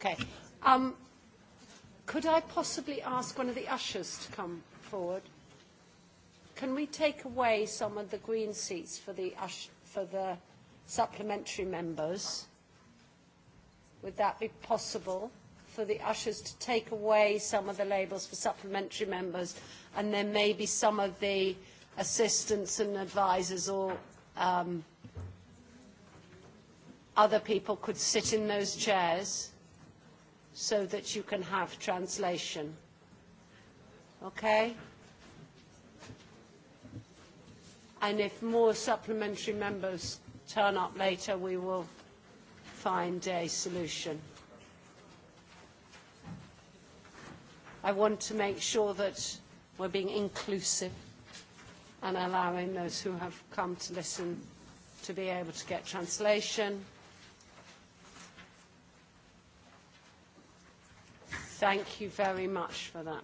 Okay. Um, could I possibly ask one of the ushers to come forward? Can we take away some of the green seats for the, ush for the supplementary members? Would that be possible for the ushers to take away some of the labels for supplementary members and then maybe some of the assistants and advisors or um, other people could sit in those chairs? so that you can have translation. Okay? And if more supplementary members turn up later, we will find a solution. I want to make sure that we're being inclusive and allowing those who have come to listen to be able to get translation. Thank you very much for that.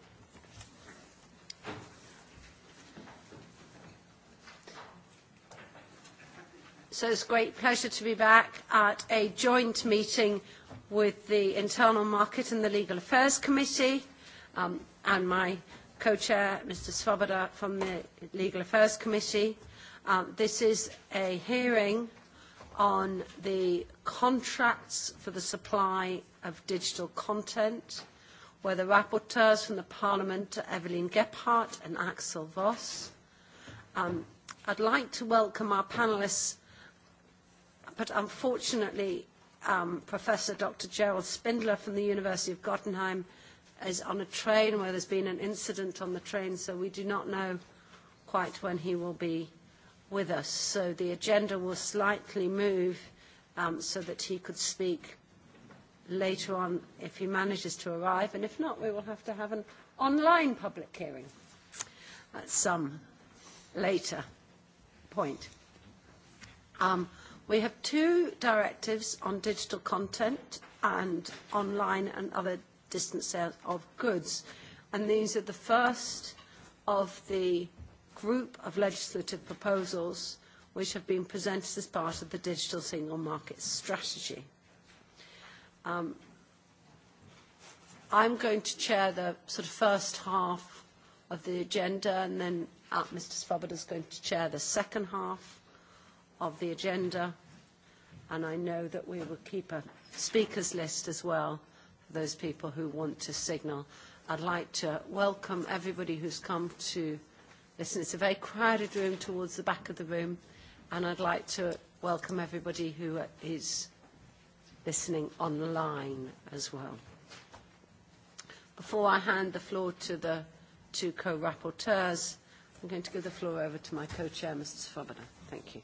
So it's a great pleasure to be back at a joint meeting with the Internal Market and the Legal Affairs Committee um, and my co-chair, Mr. Svoboda, from the Legal Affairs Committee. Um, this is a hearing on the contracts for the supply of digital content were the rapporteurs from the Parliament, Evelyn Gephardt and Axel Voss. Um, I'd like to welcome our panellists, but unfortunately um, Professor Dr. Gerald Spindler from the University of Gottenheim is on a train where there's been an incident on the train, so we do not know quite when he will be with us. So the agenda will slightly move um, so that he could speak later on if he manages to arrive, and if not, we will have to have an online public hearing at some later point. Um, we have two directives on digital content and online and other distance sales of goods, and these are the first of the group of legislative proposals which have been presented as part of the digital single market strategy. Um, I'm going to chair the sort of first half of the agenda, and then uh, Mr. Svoboda is going to chair the second half of the agenda. And I know that we will keep a speakers list as well for those people who want to signal. I'd like to welcome everybody who's come to listen. It's a very crowded room towards the back of the room, and I'd like to welcome everybody who is listening online as well. Before I hand the floor to the two co-rapporteurs, I'm going to give the floor over to my co-chair, Mr. Svoboda. Thank you.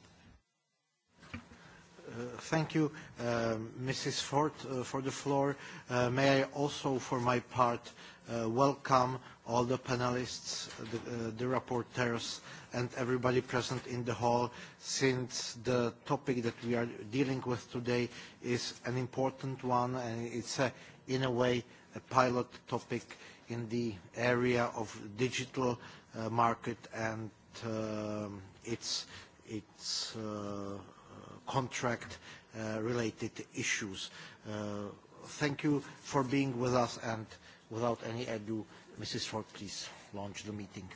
Uh, thank you, uh, Mrs. Ford, uh, for the floor. Uh, may I also, for my part, uh, welcome all the panelists, the, uh, the rapporteurs, and everybody present in the hall, since the topic that we are dealing with today is an important one, and it's, a, in a way, a pilot topic in the area of digital uh, market and uh, its, its uh, contract uh, related issues. Uh, thank you for being with us, and without any ado, Mrs. Ford, please launch the meeting.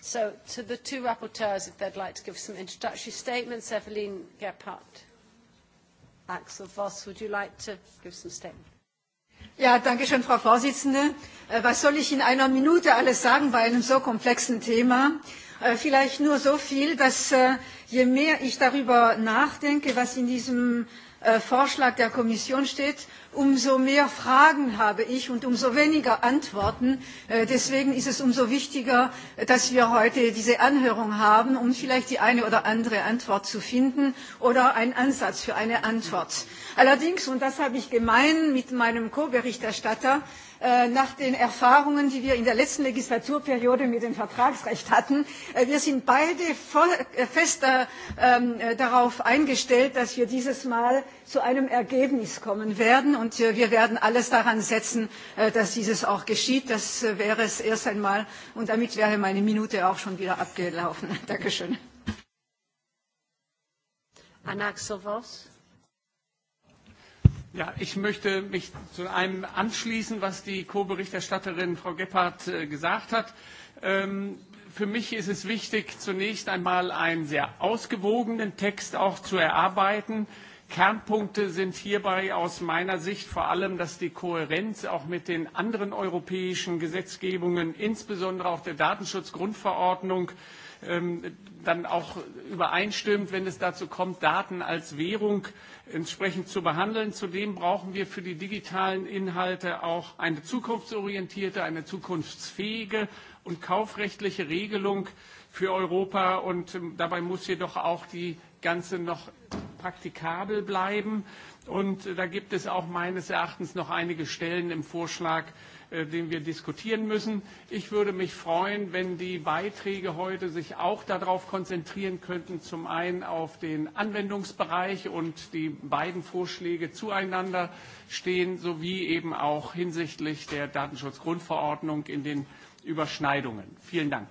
So to the two rapporteurs, if they'd like to give some introductory statements, Evelyn Gebhardt, Axel Voss, would you like to give some statements? Ja, danke schön, Frau Vorsitzende. Äh, was soll ich in einer Minute alles sagen bei einem so komplexen Thema? Äh, vielleicht nur so viel, dass äh, je mehr ich darüber nachdenke, was in diesem Äh, Vorschlag der Kommission steht, umso mehr Fragen habe ich und umso weniger Antworten. Äh, deswegen ist es umso wichtiger, äh, dass wir heute diese Anhörung haben, um vielleicht die eine oder andere Antwort zu finden oder einen Ansatz für eine Antwort. Allerdings, und das habe ich gemein mit meinem Co-Berichterstatter, Äh, nach den Erfahrungen, die wir in der letzten Legislaturperiode mit dem Vertragsrecht hatten. Äh, wir sind beide äh, fest ähm, darauf eingestellt, dass wir dieses Mal zu einem Ergebnis kommen werden. Und wir werden alles daran setzen, dass dieses auch geschieht. Das wäre es erst einmal. Und damit wäre meine Minute auch schon wieder abgelaufen. Dankeschön. Anna Xovos. Ja, ich möchte mich zu einem anschließen, was die Co-Berichterstatterin Frau Gebhardt äh, gesagt hat. Ähm, für mich ist es wichtig, zunächst einmal einen sehr ausgewogenen Text auch zu erarbeiten, Kernpunkte sind hierbei aus meiner Sicht vor allem, dass die Kohärenz auch mit den anderen europäischen Gesetzgebungen, insbesondere auch der Datenschutzgrundverordnung, ähm, dann auch übereinstimmt, wenn es dazu kommt, Daten als Währung entsprechend zu behandeln. Zudem brauchen wir für die digitalen Inhalte auch eine zukunftsorientierte, eine zukunftsfähige und kaufrechtliche Regelung für Europa. Und ähm, dabei muss jedoch auch die Ganze noch praktikabel bleiben. Und äh, da gibt es auch meines Erachtens noch einige Stellen im Vorschlag, äh, den wir diskutieren müssen. Ich würde mich freuen, wenn die Beiträge heute sich auch darauf konzentrieren könnten, zum einen auf den Anwendungsbereich und die beiden Vorschläge zueinander stehen, sowie eben auch hinsichtlich der Datenschutzgrundverordnung in den Überschneidungen. Vielen Dank.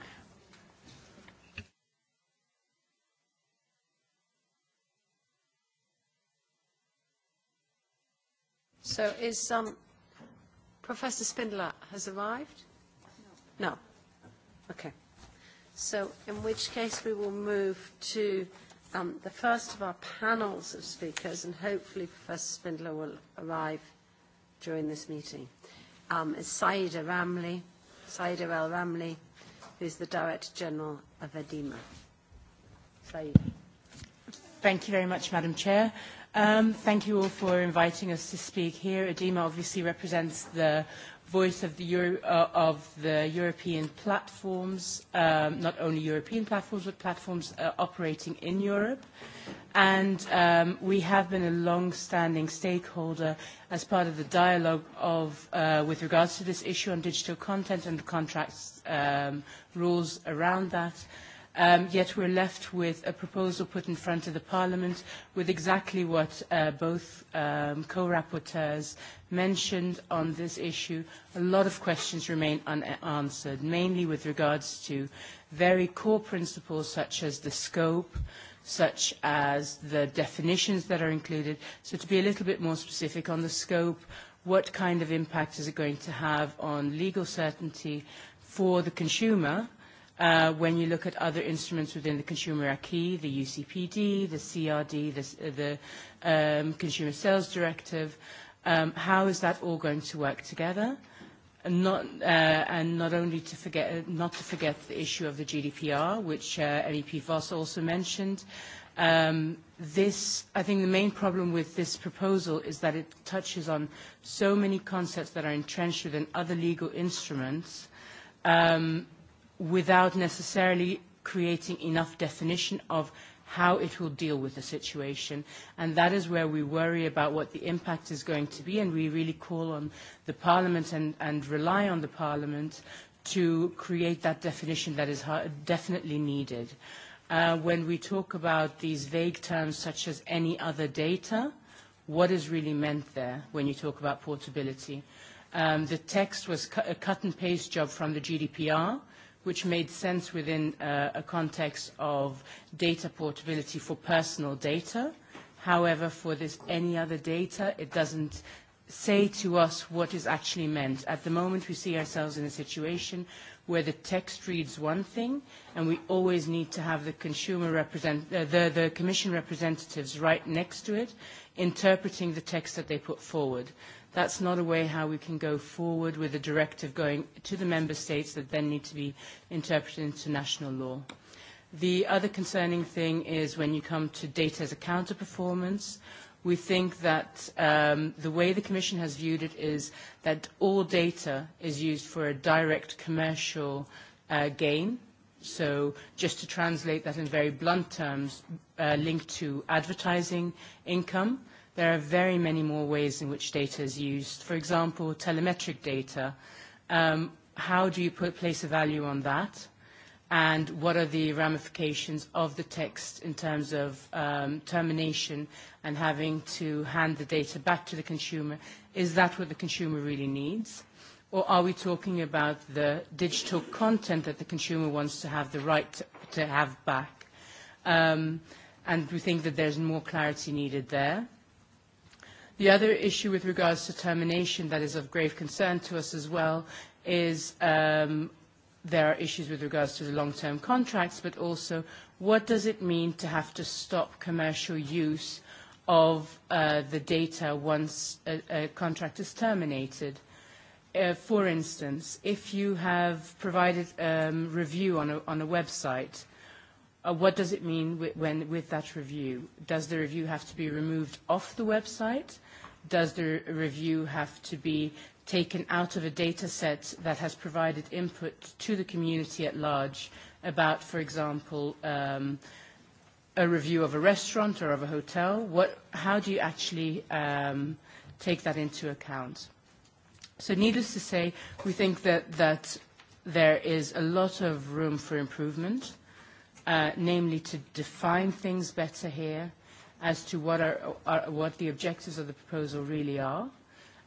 So is um, Professor Spindler has arrived? No. no. Okay. So in which case we will move to um, the first of our panels of speakers, and hopefully Professor Spindler will arrive during this meeting. Um, is Saida Ramli, Saida El Ramli, who is the Director General of Edema. Saida. Thank you very much, Madam Chair. Um, thank you all for inviting us to speak here. Edema obviously represents the voice of the, Euro, uh, of the European platforms, um, not only European platforms, but platforms uh, operating in Europe. And um, we have been a long-standing stakeholder as part of the dialogue of, uh, with regards to this issue on digital content and the contracts um, rules around that um, yet we're left with a proposal put in front of the Parliament with exactly what uh, both um, co-rapporteurs mentioned on this issue. A lot of questions remain unanswered, mainly with regards to very core principles such as the scope, such as the definitions that are included. So to be a little bit more specific on the scope, what kind of impact is it going to have on legal certainty for the consumer, Uh, when you look at other instruments within the consumer acquis, the UCPD, the CRD, the, um, Consumer Sales Directive, um, how is that all going to work together? Uh, and not, only to forget, not to forget the issue of the GDPR, which uh, MEP Voss also mentioned. Um, I think the main problem with this proposal is that it touches on so many concepts that are entrenched within other legal instruments that without necessarily creating enough definition of how it will deal with the situation. And that is where we worry about what the impact is going to be, and we really call on the Parliament and, and rely on the Parliament to create that definition that is definitely needed. Uh, when we talk about these vague terms such as any other data, what is really meant there when you talk about portability? Um, the text was cu a cut and paste job from the GDPR, which made sense within uh, a context of data portability for personal data. However, for this any other data, it doesn't say to us what is actually meant. At the moment, we see ourselves in a situation where the text reads one thing, and we always need to have uh, the commission representatives right next to it, interpreting the text that they put forward. That's not a way how we can go forward with a directive going to the member states that then need to be interpreted into national law. The other concerning thing is when you come to data as a counter-performance, We think that um, the way the Commission has viewed it is that all data is used for a direct commercial uh, gain. So just to translate that in very blunt terms, uh, linked to advertising income, there are very many more ways in which data is used. For example, telemetric data. Um, how do you put, place a value on that? and what are the ramifications of the text in terms of um, termination and having to hand the data back to the consumer. Is that what the consumer really needs? Or are we talking about the digital content that the consumer wants to have the right to, to have back? Um, and we think that there's more clarity needed there. The other issue with regards to termination that is of grave concern to us as well is um, there are issues with regards to the long-term contracts, but also what does it mean to have to stop commercial use of uh, the data once a, a contract is terminated? Uh, for instance, if you have provided a um, review on a, on a website, uh, what does it mean with, when, with that review? Does the review have to be removed off the website? Does the review have to be taken out of a data set that has provided input to the community at large about, for example, um, a review of a restaurant or of a hotel? What, how do you actually um, take that into account? So needless to say, we think that, that there is a lot of room for improvement, uh, namely to define things better here as to what, are, are, what the objectives of the proposal really are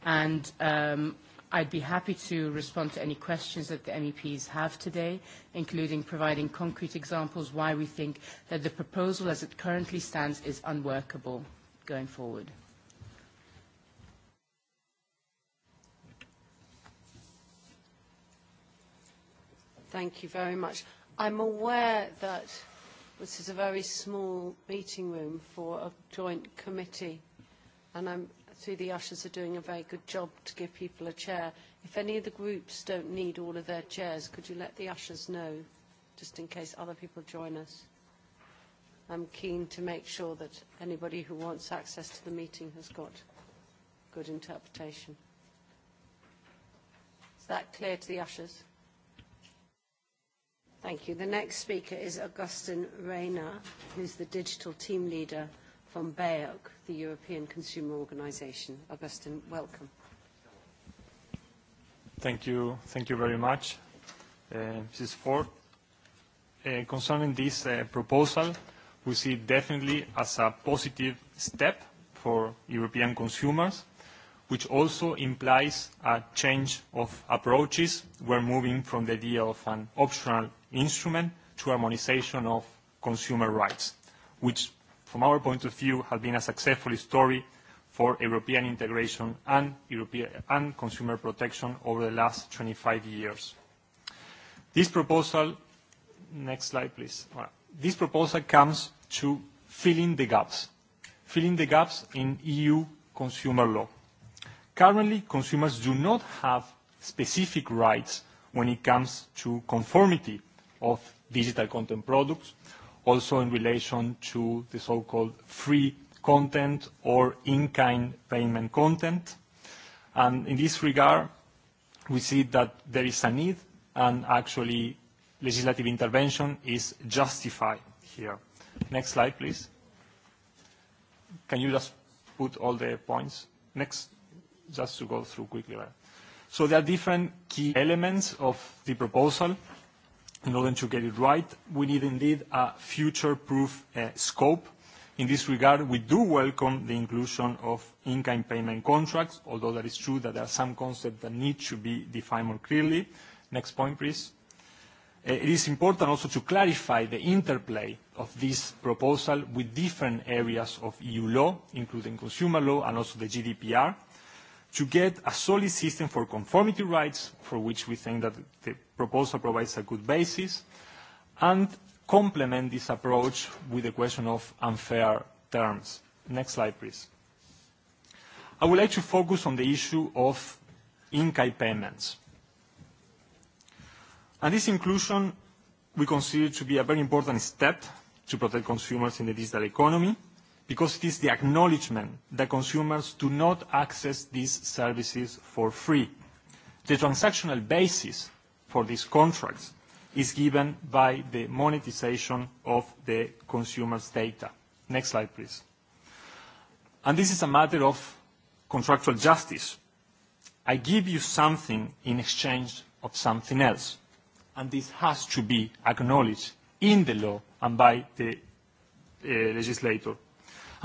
and um, I'd be happy to respond to any questions that the MEPs have today, including providing concrete examples why we think that the proposal as it currently stands is unworkable going forward. Thank you very much. I'm aware that this is a very small meeting room for a joint committee, and I'm through the ushers are doing a very good job to give people a chair. If any of the groups don't need all of their chairs, could you let the ushers know, just in case other people join us? I'm keen to make sure that anybody who wants access to the meeting has got good interpretation. Is that clear to the ushers? Thank you. The next speaker is Augustin Reyna, who's the digital team leader From BEOC, the European Consumer Organization. Augustin, welcome. Thank you. Thank you very much, uh, Mrs. Ford. Uh, concerning this uh, proposal, we see definitely as a positive step for European consumers, which also implies a change of approaches. We're moving from the idea of an optional instrument to harmonization of consumer rights, which from our point of view, has been a successful story for European integration and, and consumer protection over the last 25 years. This proposal, next slide please. This proposal comes to filling the gaps, filling the gaps in EU consumer law. Currently, consumers do not have specific rights when it comes to conformity of digital content products also in relation to the so-called free content or in-kind payment content. in this regard, we see that there is a need, and actually, legislative intervention is justified here. Next slide, please. Can you just put all the points? Next, just to go through quickly. there are different key elements of the proposal in order to get it right, we need indeed a future-proof uh, scope. In this regard, we do welcome the inclusion of in-kind payment contracts, although that is true that there are some concepts that need to be defined more clearly. Next point, please. Uh, it is important also to clarify the interplay of this proposal with different areas of EU law, including consumer law and also the GDPR to get a solid system for conformity rights, for which we think that the proposal provides a good basis, and complement this approach with the question of unfair terms. Next slide, please. I would like to focus on the issue of in-kind payments. And this inclusion we consider to be a very important step to protect consumers in the digital economy, because it is the acknowledgement that consumers do not access these services for free. The transactional basis for these contracts is given by the monetization of the consumer's data. Next slide, please. And This is a matter of contractual justice. I give you something in exchange of something else, and this has to be acknowledged in the law and by the uh, legislator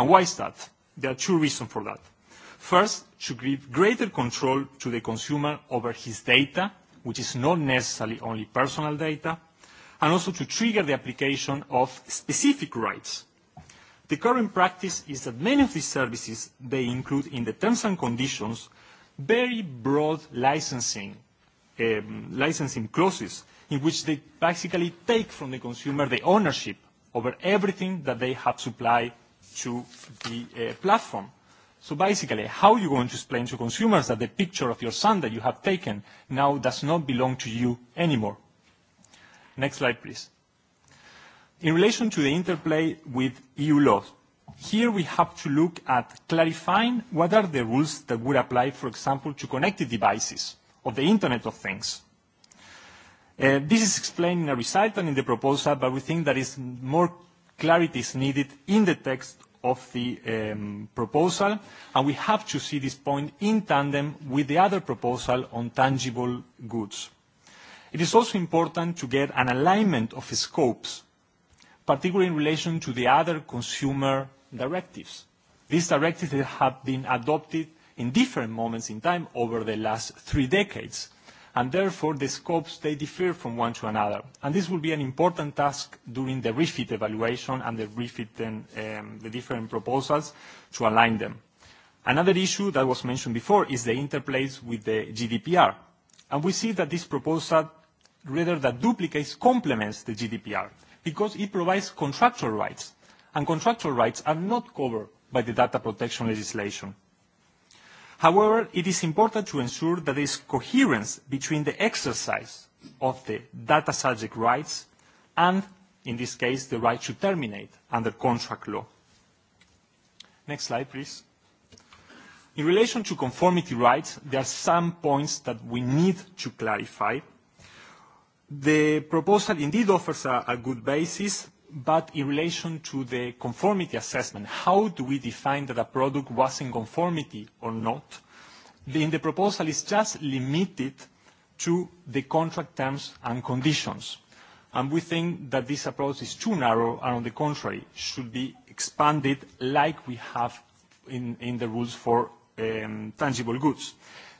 why is that? There are two reasons for that. First, to give greater control to the consumer over his data, which is not necessarily only personal data, and also to trigger the application of specific rights. The current practice is that many of these services, they include in the terms and conditions very broad licensing, um, licensing clauses in which they basically take from the consumer the ownership over everything that they have supplied to the uh, platform. So basically, how are you going to explain to consumers that the picture of your son that you have taken now does not belong to you anymore? Next slide, please. In relation to the interplay with EU laws, here we have to look at clarifying what are the rules that would apply, for example, to connected devices or the Internet of Things. Uh, this is explained in a recital in the proposal, but we think that is more clarity is needed in the text of the um, proposal, and we have to see this point in tandem with the other proposal on tangible goods. It is also important to get an alignment of scopes, particularly in relation to the other consumer directives. These directives have been adopted in different moments in time over the last three decades and therefore the scopes, they differ from one to another. And this will be an important task during the refit evaluation and the refit then, um, um, the different proposals to align them. Another issue that was mentioned before is the interplays with the GDPR. And we see that this proposal, rather than duplicates, complements the GDPR because it provides contractual rights, and contractual rights are not covered by the data protection legislation. However, it is important to ensure that there is coherence between the exercise of the data subject rights and, in this case, the right to terminate under contract law. Next slide, please. In relation to conformity rights, there are some points that we need to clarify. The proposal indeed offers a, a good basis but in relation to the conformity assessment, how do we define that a product was in conformity or not? the proposal, is just limited to the contract terms and conditions. We think that this approach is too narrow and, on the contrary, should be expanded like we have in, the rules for um, tangible goods.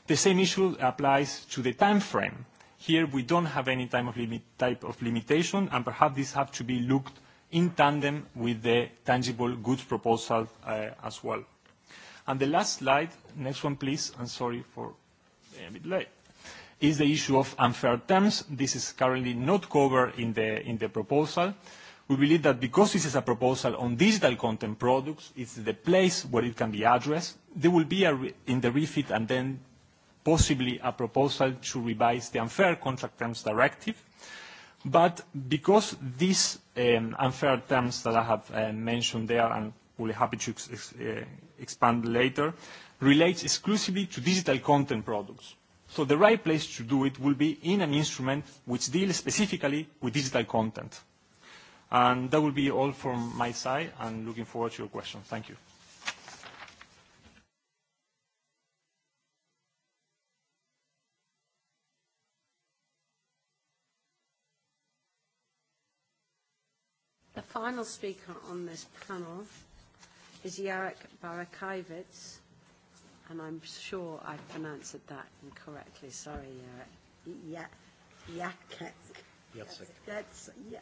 The same issue applies to the timeframe. Here, we don't have any type of, limit, type of limitation, and perhaps this have to be looked in tandem with the tangible goods proposal uh, as well. And the last slide, next one, please. I'm sorry for being a bit late is the issue of unfair terms. This is currently not covered in the, in the proposal. We believe that because this is a proposal on digital content products, it's the place where it can be addressed. There will be a re in the refit and then possibly a proposal to revise the Unfair Contract Terms Directive. But because these um, unfair terms that I have uh, mentioned there, and we'll be happy to ex uh, expand later, relates exclusively to digital content products. So the right place to do it will be in an instrument which deals specifically with digital content. And that will be all from my side, and looking forward to your questions. Thank you. final speaker on this panel is Jarek Barakivitz, and I'm sure I pronounced that incorrectly. Sorry, Jarek. Yeah, Jacek. Jacek. That's yeah.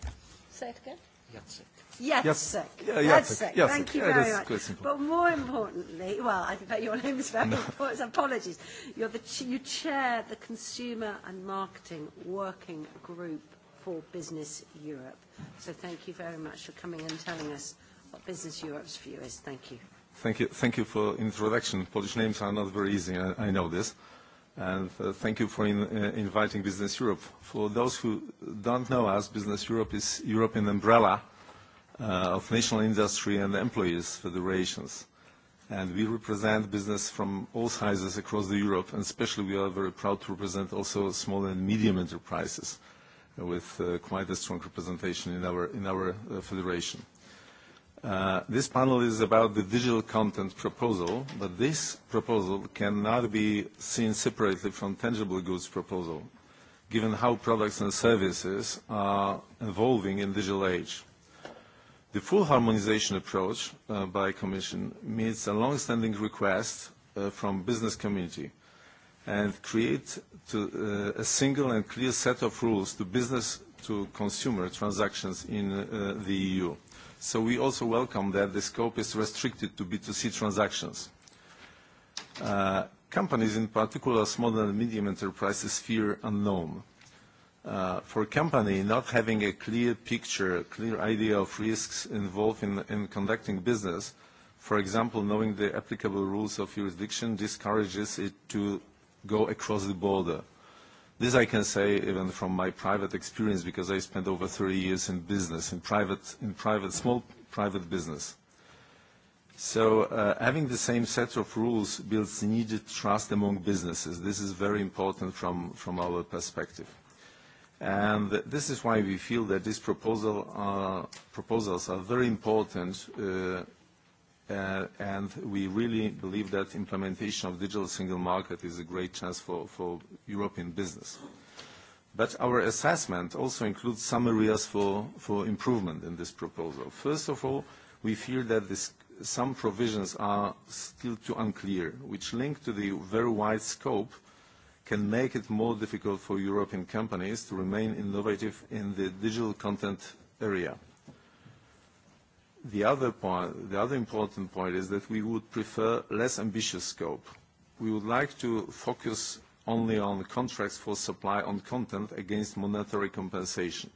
Say it again. Jacek. Jacek. Jacek. Thank you very much. But more importantly, well, I bet your name is very no. important. Apologies. You're the, you chair the Consumer and Marketing Working Group for Business Europe. So thank you very much for coming and telling us what Business Europe's view is. Thank you. Thank you, thank you for introduction. Polish names are not very easy, I, I know this. And uh, thank you for in, uh, inviting Business Europe. For those who don't know us, Business Europe is European umbrella uh, of national industry and employees federations. And we represent business from all sizes across the Europe, and especially we are very proud to represent also small and medium enterprises. Uh, with uh, quite a strong representation in our, in our uh, federation. Uh, this panel is about the digital content proposal, but this proposal cannot be seen separately from tangible goods proposal, given how products and services are evolving in digital age. The full harmonization approach by Commission meets a long-standing request from business community – and create uh, a single and clear set of rules to business to consumer transactions in uh, the EU. So we also welcome that the scope is restricted to B2C transactions. Uh, companies, in particular small and medium enterprises, fear unknown. for a company, not having a clear picture, a clear idea of risks involved in conducting business, for example, knowing the applicable rules of jurisdiction discourages it to go across the border. This I can say even from my private experience because I spent over 30 years in business, in private, in private small private business. So uh, having the same set of rules builds needed trust among businesses. This is very important from, from our perspective. And this is why we feel that these proposal are, proposals are very important uh, Uh, and we really believe that implementation of digital single market is a great chance for, for European business. But our assessment also includes some areas for, for improvement in this proposal. First of all, we feel that this, some provisions are still too unclear, which link to the very wide scope, can make it more difficult for European companies to remain innovative in the digital content area. The other point, the other important point is that we would prefer less ambitious scope. We would like to focus only on contracts for supply on content against monetary compensation.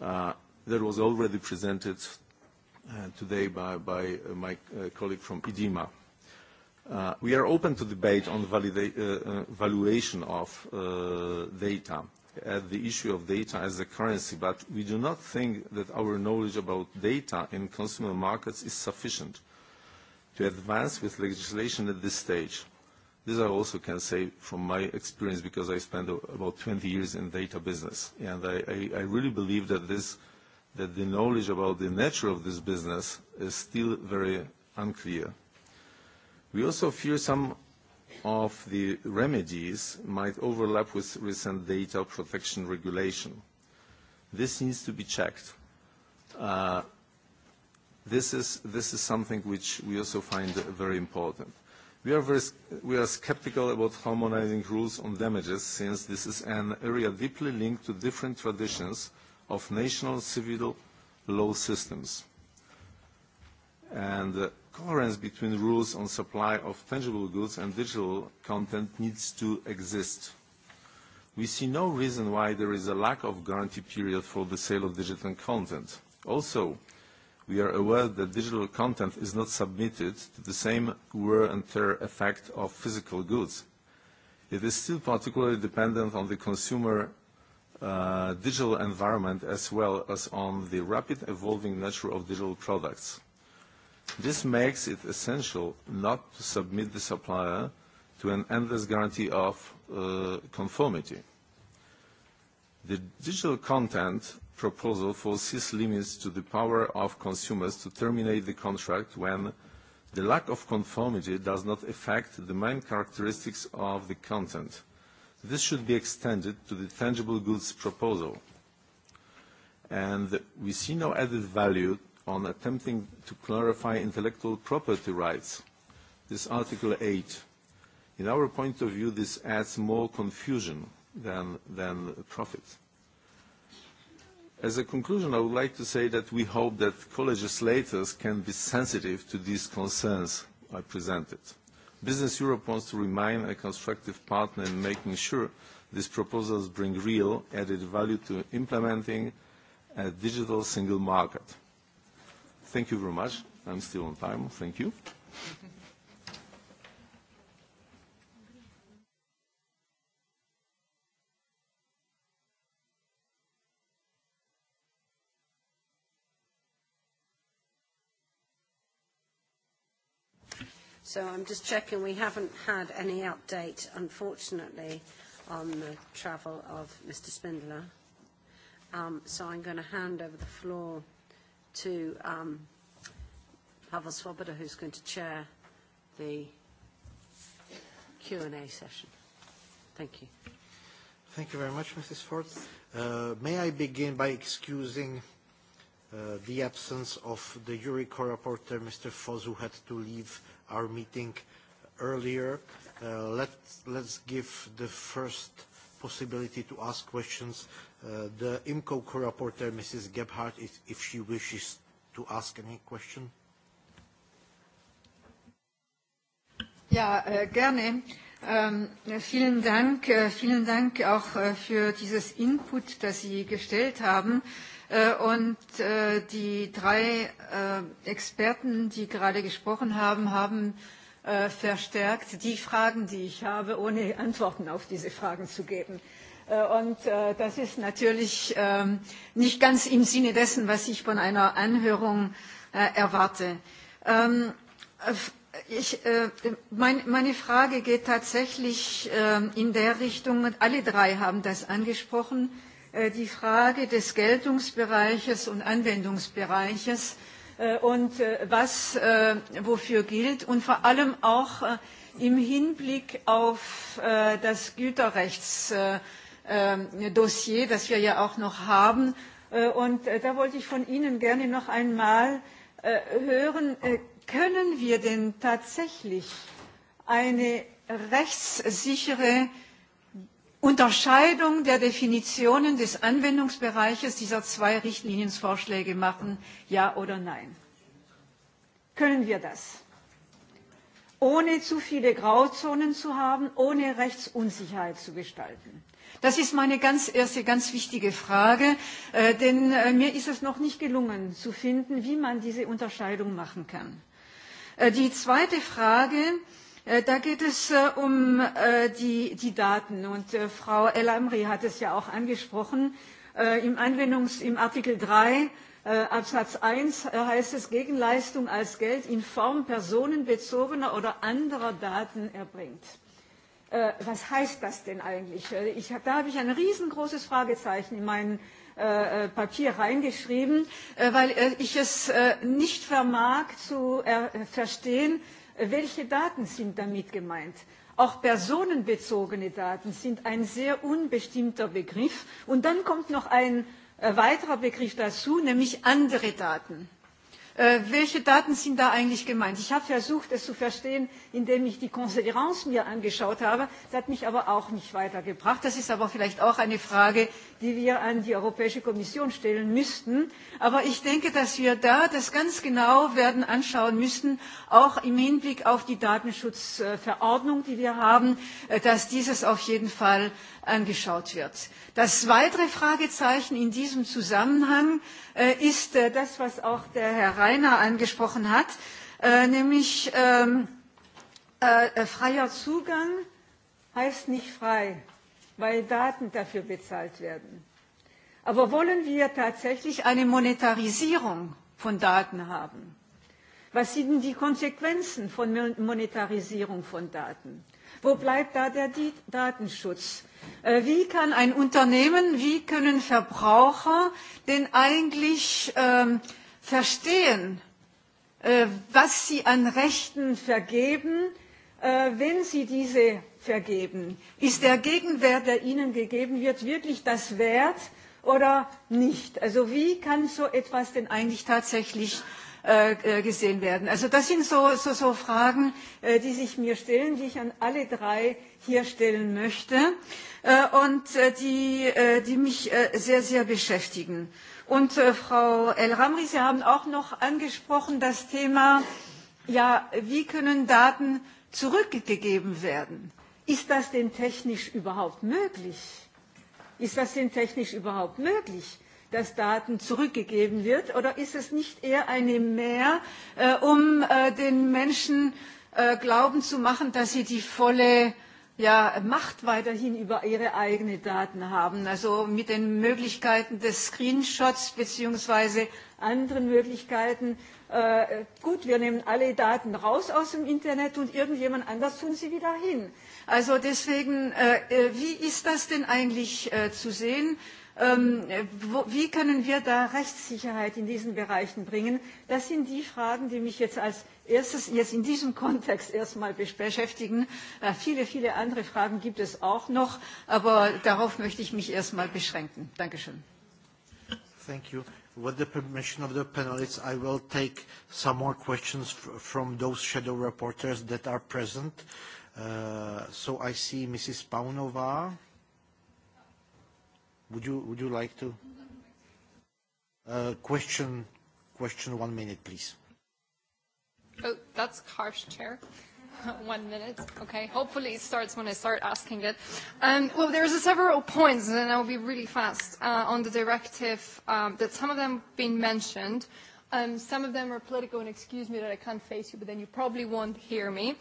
Uh, that was already presented uh, today by, uh, my colleague from IDIMA. We are open to debate on valuation of data at the issue of data as a currency, but we do not think that our knowledge about data in consumer markets is sufficient to advance with legislation at this stage. This I also can say from my experience because I spent about 20 years in data business. And I, I, I really believe that, this, that the knowledge about the nature of this business is still very unclear. We also fear some of the remedies might overlap with recent data protection regulation. This needs to be checked. Uh, this, is, this is something which we also find very important. We are, very, we are skeptical about harmonizing rules on damages since this is an area deeply linked to different traditions of national civil law systems. And uh, coherence between rules on supply of tangible goods and digital content needs to exist. We see no reason why there is a lack of guarantee period for the sale of digital content. Also, we are aware that digital content is not submitted to the same wear and tear effect of physical goods. It is still particularly dependent on the consumer uh, digital environment as well as on the rapid evolving nature of digital products. This makes it essential not to submit the supplier to an endless guarantee of uh, conformity. The digital content proposal foresees limits to the power of consumers to terminate the contract when the lack of conformity does not affect the main characteristics of the content. This should be extended to the tangible goods proposal. And we see no added value on attempting to clarify intellectual property rights. This Article 8. In our point of view, this adds more confusion than, than profit. As a conclusion, I would like to say that we hope that co-legislators can be sensitive to these concerns I presented. Business Europe wants to remain a constructive partner in making sure these proposals bring real added value to implementing a digital single market. Thank you very much. I'm still on time. Thank you. So I'm just checking we haven't had any update, unfortunately, on the travel of Mr. Spindler. Um, so I'm going to hand over the floor to um, Pavel Svoboda, who's going to chair the Q&A session. Thank you. Thank you very much, Mrs. Ford. Uh, may I begin by excusing uh, the absence of the Eureka reporter, Mr. Foss, who had to leave our meeting earlier. Uh, let's, let's give the first possibility to ask questions Uh, the IMCO co-rapporteur, Mrs. Gebhardt, if, if she wishes to ask any question. Ja, äh, gerne. Ähm, vielen Dank. Äh, vielen Dank auch äh, für dieses Input, das Sie gestellt haben. Äh, und äh, die drei äh, Experten, die gerade gesprochen haben, haben verstärkt die Fragen, die ich habe, ohne Antworten auf diese Fragen zu geben. Äh, und äh, das ist natürlich ähm, nicht ganz im Sinne dessen, was ich von einer Anhörung äh, erwarte. Ähm, ich, mein, meine Frage geht tatsächlich ähm, in der Richtung, und alle drei haben das angesprochen, die Frage des Geltungsbereiches und Anwendungsbereiches und was wofür gilt und vor allem auch im Hinblick auf das Güterrechts Ähm, Dossier, das wir ja auch noch haben. Äh, und äh, da wollte ich von Ihnen gerne noch einmal äh, hören, können wir denn tatsächlich eine rechtssichere Unterscheidung der Definitionen des Anwendungsbereiches dieser zwei Richtlinienvorschläge machen, ja oder nein? Können wir das? Ohne zu viele Grauzonen zu haben, ohne Rechtsunsicherheit zu gestalten. Das ist meine ganz erste, ganz wichtige Frage, äh, denn äh, mir ist es noch nicht gelungen zu finden, wie man diese Unterscheidung machen kann. Äh, die zweite Frage, da geht es um die, die Daten und Frau El-Amri hat es ja auch angesprochen. Im Anwendungs-, im Artikel 3 Absatz 1 heißt es, Gegenleistung als Geld in Form personenbezogener oder anderer Daten erbringt äh, was heißt das denn eigentlich? Äh, ich hab, da habe ich ein riesengroßes Fragezeichen in meinen äh, äh, Papier reingeschrieben, äh, weil äh, ich es äh, nicht vermag zu äh, verstehen, äh, welche Daten sind damit gemeint. Auch personenbezogene Daten sind ein sehr unbestimmter Begriff. Und dann kommt noch ein äh, weiterer Begriff dazu, nämlich andere Daten. Äh, welche daten sind da eigentlich gemeint? ich habe versucht es zu verstehen indem ich die konsequenz mir angeschaut habe das hat mich aber auch nicht weitergebracht. das ist aber vielleicht auch eine frage die wir an die europäische kommission stellen müssten. aber ich denke dass wir da das ganz genau werden anschauen müssen auch im hinblick auf die datenschutzverordnung die wir haben äh, dass dieses auf jeden fall angeschaut wird. Das weitere Fragezeichen in diesem Zusammenhang äh, ist äh, das, was auch der Herr Reiner angesprochen hat, äh, nämlich ähm, freier Zugang heißt nicht frei, weil Daten dafür bezahlt werden. Aber wollen wir tatsächlich eine Monetarisierung von Daten haben? Was sind die Konsequenzen von Monetarisierung von Daten? Wo bleibt da der Datenschutz? Äh, wie kann ein Unternehmen, wie können Verbraucher denn eigentlich ähm, verstehen, äh, was sie an Rechten vergeben, äh, wenn sie diese vergeben? Ist der Gegenwert, der ihnen gegeben wird, wirklich das wert oder nicht? Also wie kann so etwas denn eigentlich tatsächlich Äh, äh, gesehen werden. Also das sind so, so, so Fragen, äh, die sich mir stellen, die ich an alle drei hier stellen möchte und die, die mich sehr, sehr beschäftigen. Und Frau El Ramri, Sie haben auch noch angesprochen das Thema, ja, wie können Daten zurückgegeben werden? Ist das denn technisch überhaupt möglich? Ist das denn technisch überhaupt möglich? dass Daten zurückgegeben wird? Oder ist es nicht eher eine Mehr, äh, um äh, den Menschen äh, glauben zu machen, dass sie die volle ja, Macht weiterhin über ihre eigenen Daten haben, also mit den Möglichkeiten des Screenshots beziehungsweise anderen Möglichkeiten. Äh, gut, wir nehmen alle Daten raus aus dem Internet und irgendjemand anders tun sie wieder hin. Also deswegen, äh, äh wie ist das denn eigentlich äh, zu sehen? Ähm, wie können wir da Rechtssicherheit in diesen Bereichen bringen? Das sind die Fragen, die mich jetzt als erstes jetzt in diesem Kontext erstmal beschäftigen. Äh, viele, viele andere Fragen gibt es auch noch, aber darauf möchte ich mich erstmal beschränken. Dankeschön. Thank you. With the permission of the panelists, I will take some more questions from those shadow reporters that are present. Uh, so I see Mrs. Paunova. Would you, would you like to? Uh, question, question one minute, please. Oh, that's harsh, Chair. one minute. Okay. Hopefully it starts when I start asking it. Um, well, there's are several points, and I'll be really fast, uh, on the directive, um, that some of them have been mentioned. Um, some of them are political, and excuse me that I can't face you, but then you probably won't hear me.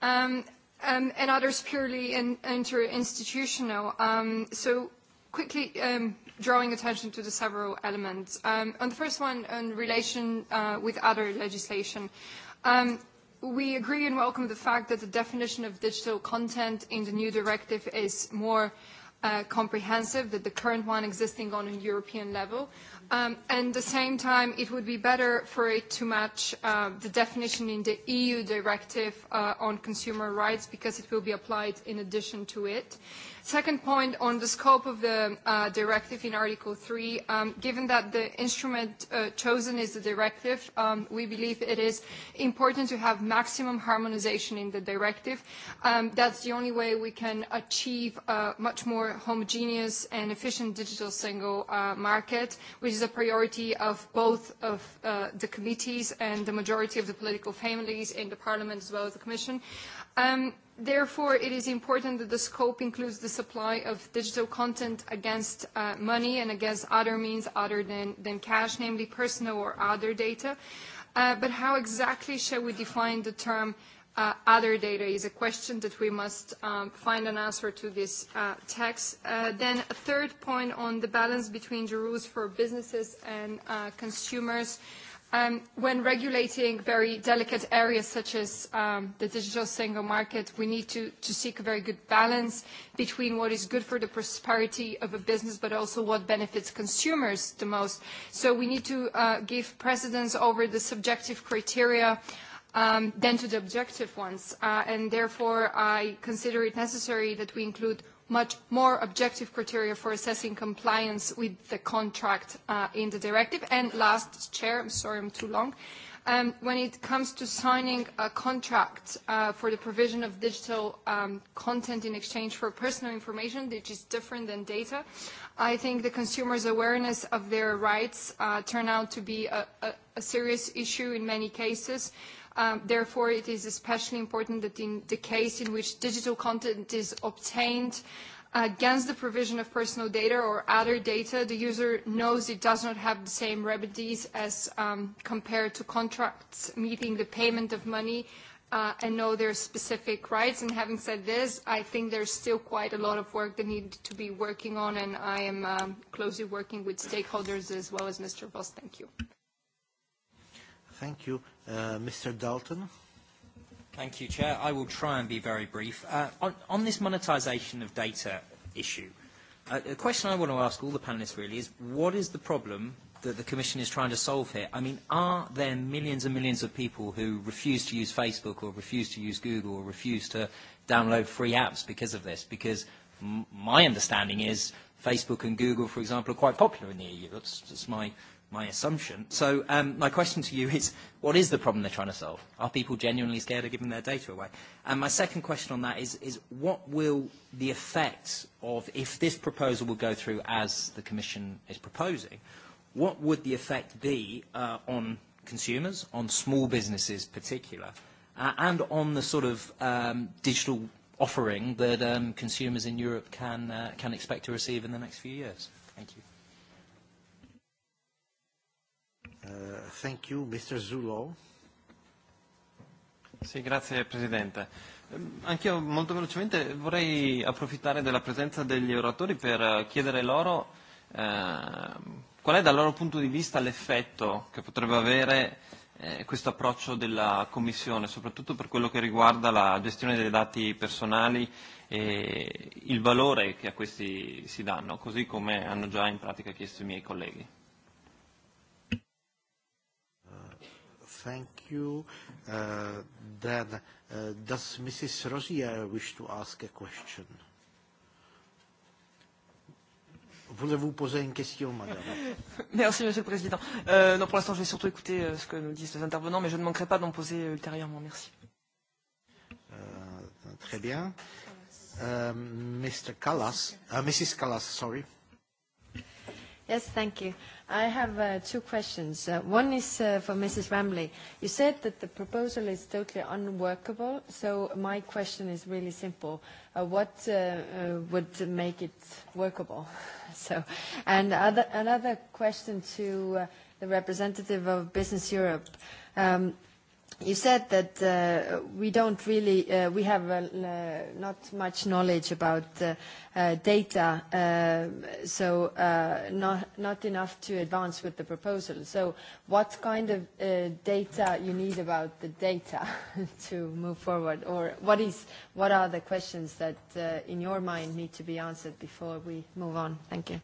Um, um, and others purely in, interinstitutional. Um, so quickly um, drawing attention to the several elements. Um, on the first one, in relation uh, with other legislation, um, we agree and welcome the fact that the definition of digital content in the new directive is more uh, comprehensive than the current one existing on a European level. Um, and at the same time, it would be better for it to match uh, the definition in the EU directive uh, on consumer rights because it will be applied in addition to it. Second point on the scope of the uh, directive in Article 3, um, given that the instrument uh, chosen is the directive, um, we believe it is important to have maximum harmonization in the directive. Um, that's the only way we can achieve a much more homogeneous and efficient digital single uh, market, which is a priority of both of uh, the committees and the majority of the political families in the Parliament as well as the Commission. Um, Therefore, it is important that the scope includes the supply of digital content against uh, money and against other means other than, than cash, namely personal or other data. Uh, but how exactly shall we define the term uh, other data is a question that we must um, find an answer to this uh, text. Uh, then a third point on the balance between the rules for businesses and uh, consumers. Uh, Um, when regulating very delicate areas such as um, the digital single market, we need to, to seek a very good balance between what is good for the prosperity of a business, but also what benefits consumers the most. So we need to uh, give precedence over the subjective criteria um, than to the objective ones. Uh, and therefore, I consider it necessary that we include much more objective criteria for assessing compliance with the contract uh, in the directive. And last, Chair, I'm sorry I'm too long. Um, when it comes to signing a contract uh, for the provision of digital um, content in exchange for personal information, which is different than data, I think the consumers' awareness of their rights uh, turn out to be a, a, a serious issue in many cases. Um, therefore, it is especially important that in the case in which digital content is obtained against the provision of personal data or other data, the user knows it does not have the same remedies as um, compared to contracts meeting the payment of money uh, and know their specific rights. And having said this, I think there's still quite a lot of work that needs to be working on, and I am um, closely working with stakeholders as well as Mr. Voss. Thank you. Thank you. Uh, Mr. Dalton. Thank you, Chair. I will try and be very brief. Uh, on, on this monetization of data issue, uh, the question I want to ask all the panelists really is, what is the problem that the Commission is trying to solve here? I mean, are there millions and millions of people who refuse to use Facebook or refuse to use Google or refuse to download free apps because of this? Because m my understanding is Facebook and Google, for example, are quite popular in the EU. That's, that's my my assumption. So um, my question to you is, what is the problem they're trying to solve? Are people genuinely scared of giving their data away? And my second question on that is, is what will the effects of, if this proposal will go through as the Commission is proposing, what would the effect be uh, on consumers, on small businesses particular, uh, and on the sort of um, digital offering that um, consumers in Europe can, uh, can expect to receive in the next few years? Thank you. Uh, thank you, Mr. Zullo. Sì, grazie Presidente. Ehm, anch'io molto velocemente vorrei approfittare della presenza degli oratori per chiedere loro eh, qual è dal loro punto di vista l'effetto che potrebbe avere eh, questo approccio della Commissione, soprattutto per quello che riguarda la gestione dei dati personali e il valore che a questi si danno, così come hanno già in pratica chiesto i miei colleghi. Thank you. Uh, then, uh, does Mrs. Rosier wish to ask a question? Voulez-vous poser une question, madame Merci, monsieur le président. Euh, non, pour l'instant, je vais surtout écouter euh, ce que nous disent les intervenants, mais je ne manquerai pas d'en poser euh, ultérieurement. Merci. Euh, très bien. Uh, Mr. Callas, uh, Mrs. Callas, sorry. Yes, thank you. I have uh, two questions. Uh, one is uh, for Mrs. Ramley. You said that the proposal is totally unworkable, so my question is really simple. What would make it workable? so, and another question to the representative of Business Europe. Um, You said that uh, we don't really, uh, we have uh, not much knowledge about data, um, so not, not enough to advance with the proposal. So what kind of data you need about the data to move forward? Or what is, what are the questions that in your mind need to be answered before we move on? Thank you.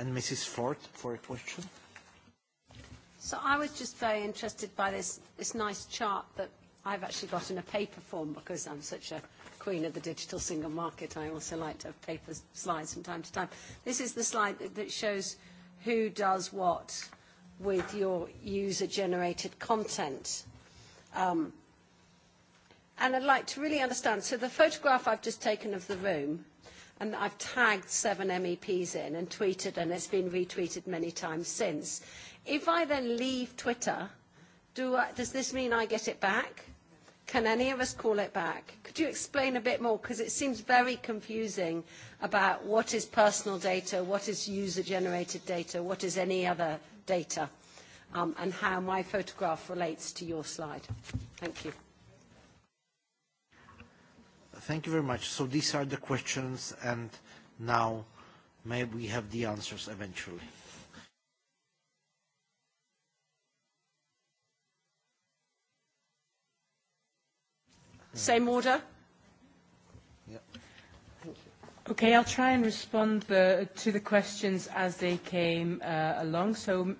and Mrs. Ford for a question. So I was just very interested by this, this nice chart that I've actually got in a paper form because I'm such a queen of the digital single market. I also like to have paper slides from time to time. This is the slide that shows who does what with your user-generated content. Um, and I'd like to really understand. So the photograph I've just taken of the room – and I've tagged seven MEPs in and tweeted, and it's been retweeted many times since. If I then leave Twitter, do I, does this mean I get it back? Can any of us call it back? Could you explain a bit more? Because it seems very confusing about what is personal data, what is user-generated data, what is any other data, um, and how my photograph relates to your slide. Thank you. Thank you very much. So these are the questions, and now may we have the answers eventually. Hmm. Same order? Yeah. Okay, I'll try and respond the, to the questions as they came uh, along. So, um,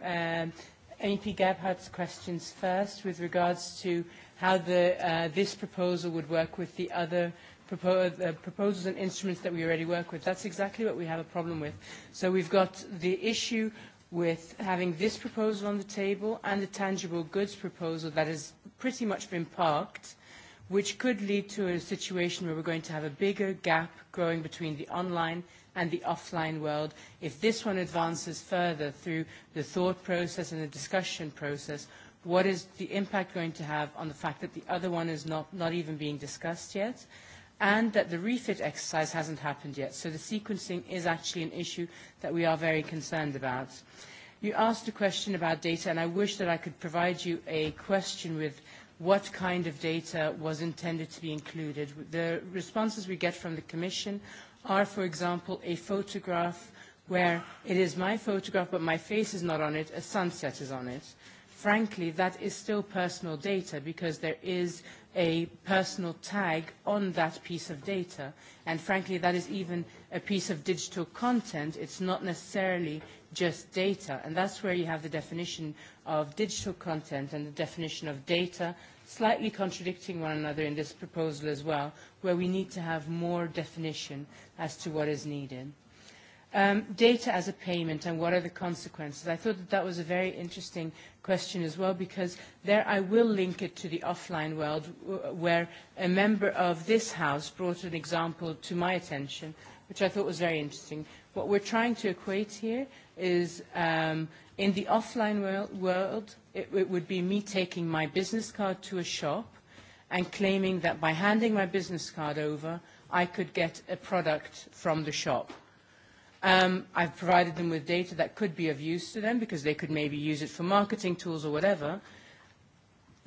MEP Gebhardt's questions first with regards to how the, uh, this proposal would work with the other uh, Uh, uh, proposals and instruments that we already work with. That's exactly what we have a problem with. So we've got the issue with having this proposal on the table and the tangible goods proposal that has pretty much been parked, which could lead to a situation where we're going to have a bigger gap growing between the online and the offline world. If this one advances further through the thought process and the discussion process, what is the impact going to have on the fact that the other one is not, not even being discussed yet? and that the refit exercise hasn't happened yet. So the sequencing is actually an issue that we are very concerned about. You asked a question about data, and I wish that I could provide you a question with what kind of data was intended to be included. The responses we get from the Commission are, for example, a photograph where it is my photograph, but my face is not on it, a sunset is on it frankly, that is still personal data because there is a personal tag on that piece of data. And frankly, that is even a piece of digital content. It's not necessarily just data. And that's where you have the definition of digital content and the definition of data slightly contradicting one another in this proposal as well, where we need to have more definition as to what is needed. Um, data as a payment and what are the consequences? I thought that that was a very interesting question as well because there I will link it to the offline world where a member of this House brought an example to my attention which I thought was very interesting. What we're trying to equate here is um, in the offline world, world it, it would be me taking my business card to a shop and claiming that by handing my business card over I could get a product from the shop Um, I've provided them with data that could be of use to them because they could maybe use it for marketing tools or whatever.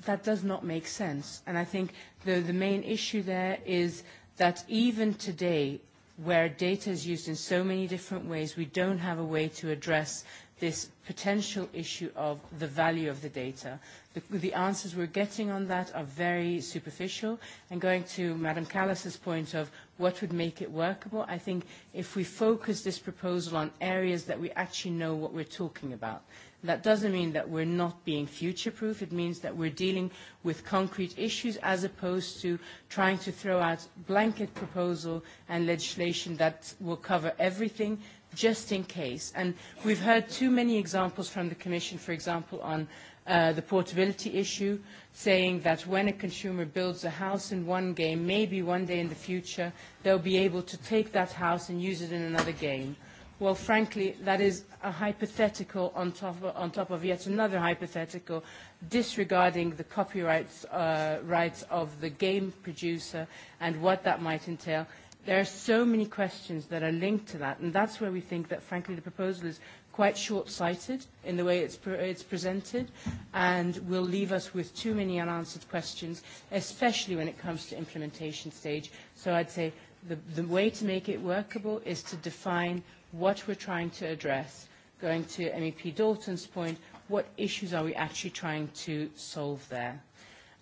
That does not make sense. And I think the, the main issue there is that even today, where data is used in so many different ways, we don't have a way to address this potential issue of the value of the data. The, the answers we're getting on that are very superficial. And going to Madam Callas's point of what would make it workable. I think if we focus this proposal on areas that we actually know what we're talking about, that doesn't mean that we're not being future-proof. It means that we're dealing with concrete issues as opposed to trying to throw out blanket proposal and legislation that will cover everything just in case. And we've heard too many examples from the Commission, for example, on Uh, the portability issue, saying that when a consumer builds a house in one game, maybe one day in the future, they'll be able to take that house and use it in another game. Well, frankly, that is a hypothetical on top of, on top of yet another hypothetical, disregarding the copyright uh, rights of the game producer and what that might entail. There are so many questions that are linked to that, and that's where we think that, frankly, the proposal is quite short-sighted in the way it's, pre it's presented and will leave us with too many unanswered questions, especially when it comes to implementation stage. So I'd say the, the way to make it workable is to define what we're trying to address. Going to MEP Dalton's point, what issues are we actually trying to solve there?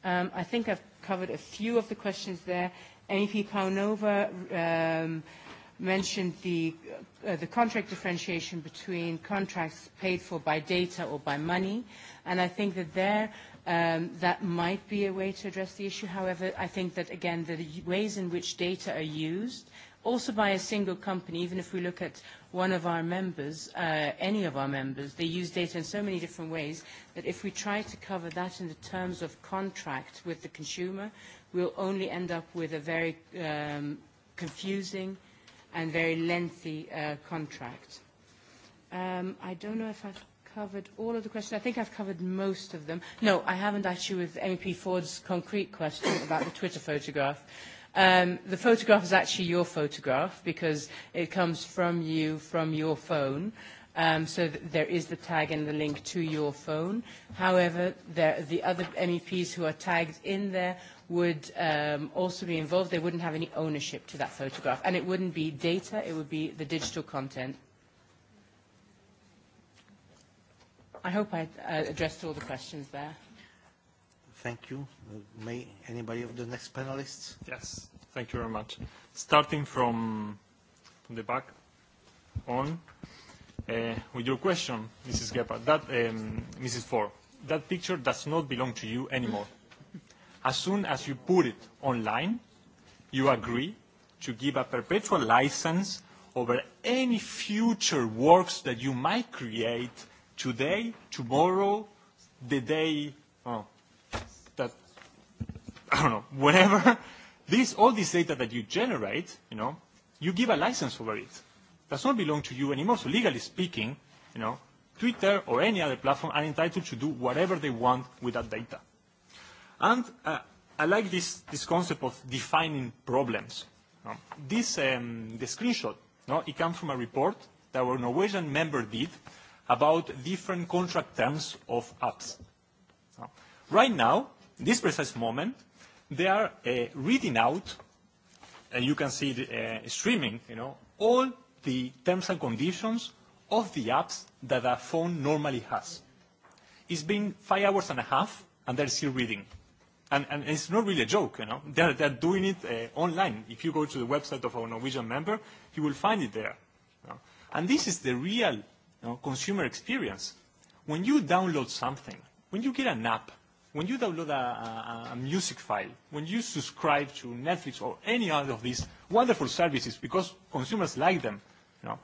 Um, I think I've covered a few of the questions there. MEP Paunova um, mentioned the, uh, the contract differentiation between contracts paid for by data or by money, and I think that there um, that might be a way to address the issue. However, I think that, again, the ways in which data are used, also by a single company, even if we look at one of our members, uh, any of our members, they use data in so many different ways that if we try to cover that in the terms of contract with the consumer, we'll only end up with a very um, confusing – and very lengthy uh, contract. Um, I don't know if I've covered all of the questions. I think I've covered most of them. No, I haven't actually with MP Ford's concrete question about the Twitter photograph. Um, the photograph is actually your photograph because it comes from you, from your phone. Um, so th there is the tag and the link to your phone. However, there, the other MEPs who are tagged in there would um, also be involved. They wouldn't have any ownership to that photograph. And it wouldn't be data, it would be the digital content. I hope I uh, addressed all the questions there. Thank you. Uh, may anybody of the next panelists? Yes, thank you very much. Starting from, from the back on, uh, with your question, Mrs. Gephardt, that, um, Mrs. Ford, that picture does not belong to you anymore. As soon as you put it online, you agree to give a perpetual license over any future works that you might create today, tomorrow, the day, oh, that, I don't know, whatever. This, all this data that you generate, you know, you give a license over it. it. Does not belong to you anymore. So legally speaking, you know, Twitter or any other platform are entitled to do whatever they want with that data. And uh, I like this, this concept of defining problems. No? This, um, the screenshot, no? it comes from a report that our Norwegian member did about different contract terms of apps. No? Right now, this precise moment, they are uh, reading out, and you can see the uh, streaming, you know, all the terms and conditions of the apps that a phone normally has. It's been five hours and a half, and they're still reading. And, and it's not really a joke, you know. They're, they're doing it uh, online. If you go to the website of our Norwegian member, you will find it there. You know? And this is the real you know, consumer experience. When you download something, when you get an app, when you download a, a, a music file, when you subscribe to Netflix or any other of these wonderful services because consumers like them, you know,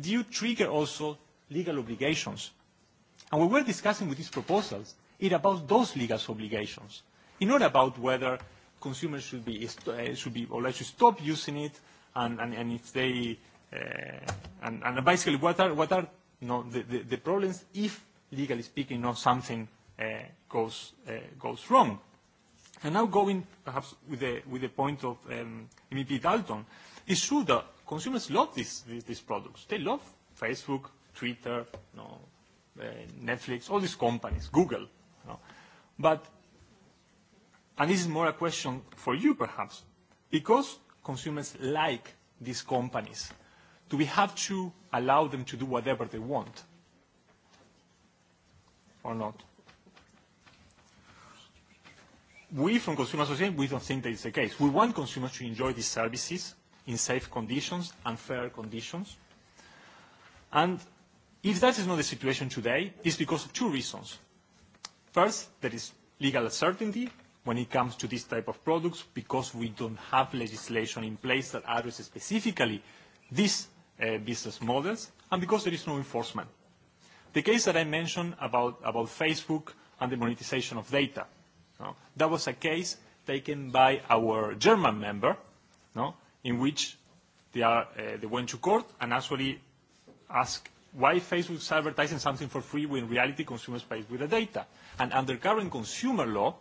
do you trigger also legal obligations? And we were discussing with these proposals, it about those legal obligations. It's not about whether consumers should be, uh, should be obliged to stop using it and, and, and if they, uh, and, and basically what are, what are you know, the, the, the problems if, legally speaking, you know, something uh, goes, uh, goes wrong. And now going perhaps with the, with the point of um, MEP Dalton, it's true that consumers love these, these, these products. They love Facebook, Twitter, you know, uh, Netflix, all these companies, Google. You know. But And this is more a question for you, perhaps, because consumers like these companies. Do we have to allow them to do whatever they want or not? We from Consumer Association, we don't think that is the case. We want consumers to enjoy these services in safe conditions and fair conditions. if that is not the situation today, it's because of two reasons. First, there is legal uncertainty when it comes to this type of products because we don't have legislation in place that addresses specifically these uh, business models and because there is no enforcement. The case that I mentioned about, about Facebook and the monetization of data, no? that was a case taken by our German member, no? in which they, are, uh, they went to court and actually asked why Facebook is advertising something for free when in reality consumers pay with the data. And under current consumer law,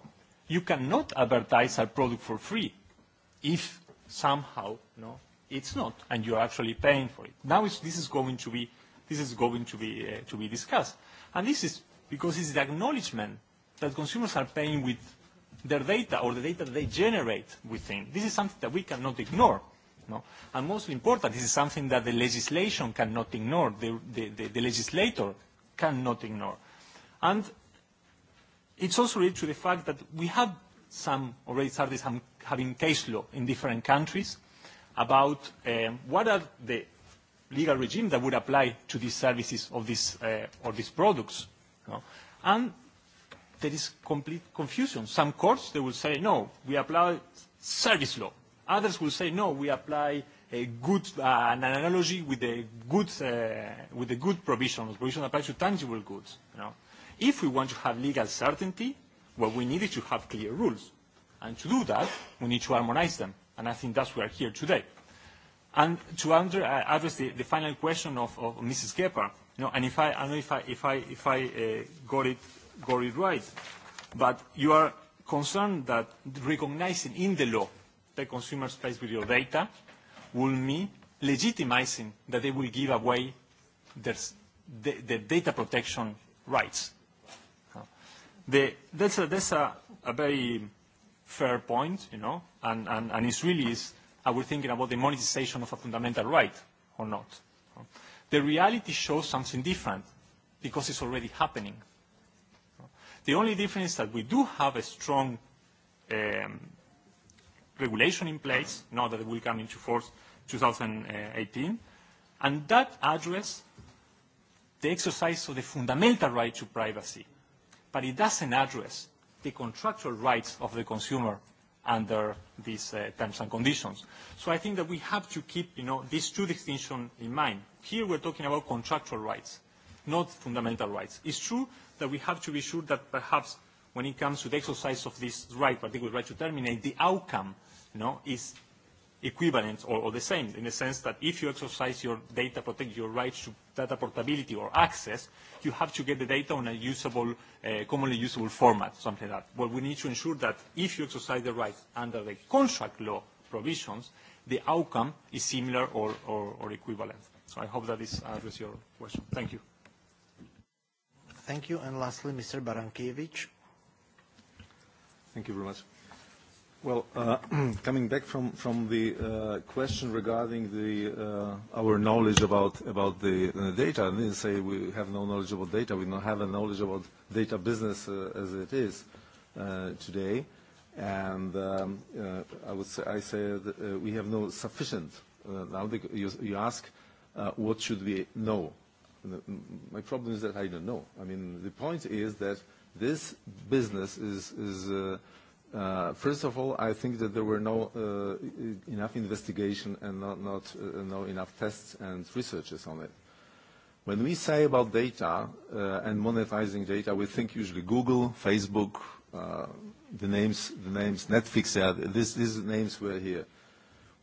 you cannot advertise a product for free if somehow no, it's not, and you're actually paying for it. Now it's, this is going to be, this is going to be, uh, to be discussed. And this is because it's the acknowledgement that consumers are paying with their data or the data they generate within. This is something that we cannot ignore. No? And most important, this is something that the legislation cannot ignore, the, the, the, the legislator cannot ignore. And It's also related to the fact that we have some already started some, having case law in different countries about um, what are the legal regimes that would apply to these services of this, uh, or these products. You know? And there is complete confusion. Some courts, they will say, no, we apply service law. Others will say, no, we apply a good, uh, an analogy with a good, uh, with a good provision, a provision applies to tangible goods. You know? If we want to have legal certainty, what we need is to have clear rules. And to do that, we need to harmonize them. And I think that's why we're here today. And to under, uh, address the, the final question of, of Mrs. Kepa, you know, and if I, I don't know if I, if I, if I uh, got, it, got it right, but you are concerned that recognizing in the law that consumers face with your data will mean legitimizing that they will give away their, the, data protection rights that's a, that's a, a very fair point, you know, and, and, and it's really is, are we thinking about the monetization of a fundamental right or not? The reality shows something different because it's already happening. The only difference is that we do have a strong um, regulation in place, now that it will come into force 2018, and that address the exercise of the fundamental right to privacy but it doesn't address the contractual rights of the consumer under these uh, terms and conditions. So I think that we have to keep you know, these two distinctions in mind. Here we're talking about contractual rights, not fundamental rights. It's true that we have to be sure that perhaps when it comes to the exercise of this right, particular right to terminate, the outcome you know, is equivalent or, or the same in the sense that if you exercise your data protect your rights to data portability or access, you have to get the data on a usable, uh, commonly usable format, something like that. Well, we need to ensure that if you exercise the rights under the contract law provisions, the outcome is similar or, or, or equivalent. So I hope that this answers your question. Thank you. Thank you. And lastly, Mr. Barankiewicz. Thank you very much. Well, uh, coming back from, from the uh, question regarding the, uh, our knowledge about, about the uh, data, I didn't say we have no knowledge about data. We don't have a knowledge about data business uh, as it is today. And um, I would say, I said, we have no sufficient. Now you, you ask, what should we know? My problem is that I don't know. I mean, the point is that this business is, is Uh, first of all, I think that there were no uh, enough investigation and not, uh, no enough tests and researches on it. When we say about data and monetizing data, we think usually Google, Facebook, the names, Netflix, yeah, these names were here.